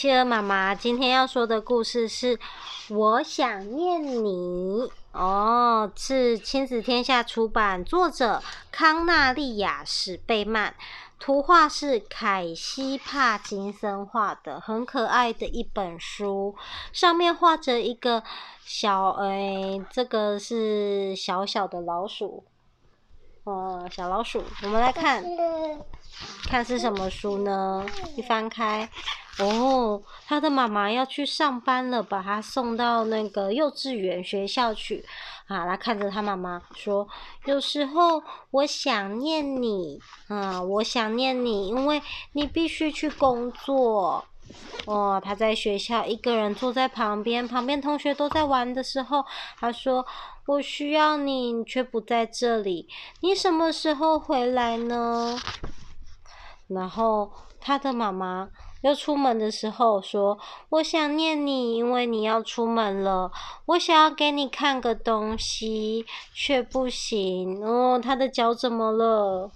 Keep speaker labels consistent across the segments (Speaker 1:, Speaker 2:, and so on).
Speaker 1: 企鵝媽媽今天要說的故事是《我想念你》哦，是親子天下出版，作者康納利亞史貝曼，圖畫是凱西帕金森畫的，很可愛的一本書。上面畫着一個小，哎、欸，這個是小小的老鼠，哦，小老鼠。我們來看，看是什麼書呢？一翻開。哦，他的媽媽要去上班了，把他送到那個幼稚園學校去。啊，他看着他媽媽說：“有時候我想念你，啊，我想念你，因為你必須去工作。”哦，他在學校一個人坐在旁邊，旁邊同學都在玩的時候，他說：“我需要你，你卻不在這裡。你什麼時候回來呢？”然後他的媽媽。要出門的時候說，說我想念你，因為你要出門了。我想要給你看個東西，卻不行。哦，他的腳怎麼了？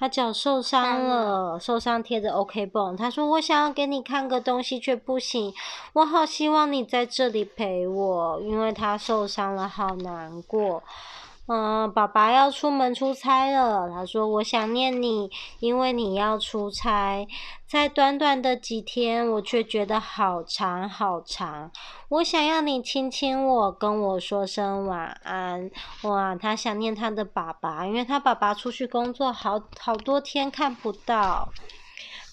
Speaker 1: 他腳受傷了，嗯、受傷貼着 OK 繃。他說我想要給你看個東西，卻不行。我好希望你在這裡陪我，因為他受傷了，好難過。嗯，爸爸要出門出差了。他說：“我想念你，因為你要出差，在短短的幾天，我卻覺得好長好長。我想要你親親我，跟我說聲晚安。”哇，他想念他的爸爸，因為他爸爸出去工作好，好好多天看不到。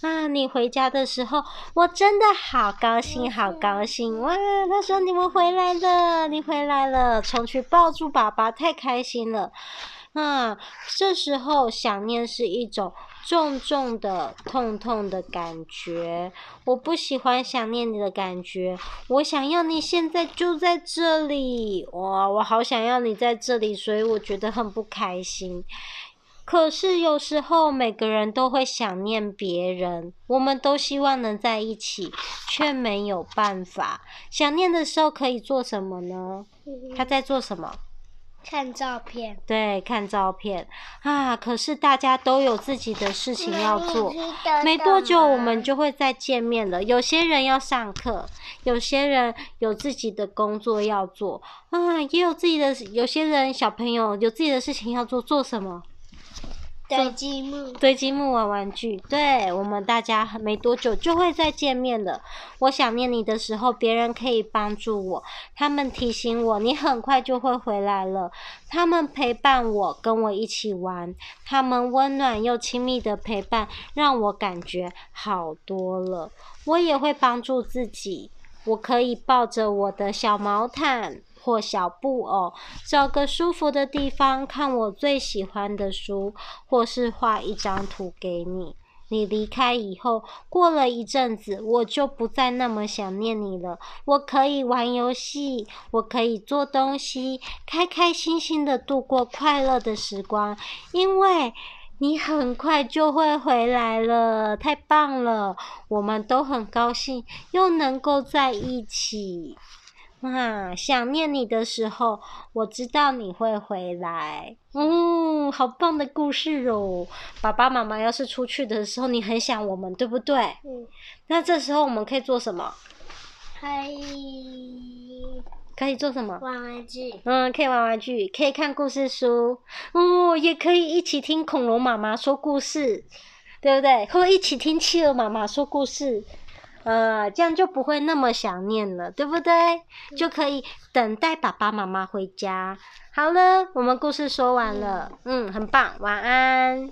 Speaker 1: 啊！你回家的時候，我真的好高興，好高興。哇，他說：“你們回來了，你回來了，衝去抱住爸爸，太開心了。”啊，這時候想念是一種重重的、痛痛的感覺。我不喜歡想念你的感覺，我想要你現在就在這裡。哇，我好想要你在這裡，所以我覺得很不開心。可是有時候每個人都會想念別人，我們都希望能在一起，卻沒有辦法。想念的時候可以做什麼呢？他在做什麼？嗯，看照片。對，看照片啊。可是大家都有自己的事情要做、嗯等等，沒多久我們就會再見面了。有些人要上課，有些人有自己的工作要做啊，也有自己的，有些人小朋友有自己的事情要做，做什麼？堆積木，堆積木玩玩具，對，我們大家沒多久就會再見面了。我想念你的時候，別人可以幫助我，他們提醒我你很快就會回來了，他們陪伴我，跟我一起玩，他們溫暖又親密的陪伴讓我感覺好多了。我也會幫助自己，我可以抱着我的小毛毯。或小布偶，找個舒服的地方看我最喜歡的書，或是畫一張圖給你。你離開以後，過了一陣子，我就不再那麼想念你了。我可以玩遊戲，我可以做東西，開開心心的度過快樂的時光，因為你很快就會回來了。太棒了，我們都很高興，又能夠在一起。啊，想念你的時候，我知道你會回來。哦、嗯，好棒的故事哦！爸爸媽媽要是出去的時候，你很想我們，對不對？嗯、那這時候我們可以做什麼？可以可以做什麼？玩玩具。嗯，可以玩玩具，可以看故事書。哦，也可以一起聽恐龍媽媽說故事，對不對？可以一起聽企鵝媽媽說故事。呃，這樣就不會那麼想念了，對不對？嗯，就可以等待爸爸媽媽回家。好了，我們故事說完了，嗯，嗯，很棒，晚安。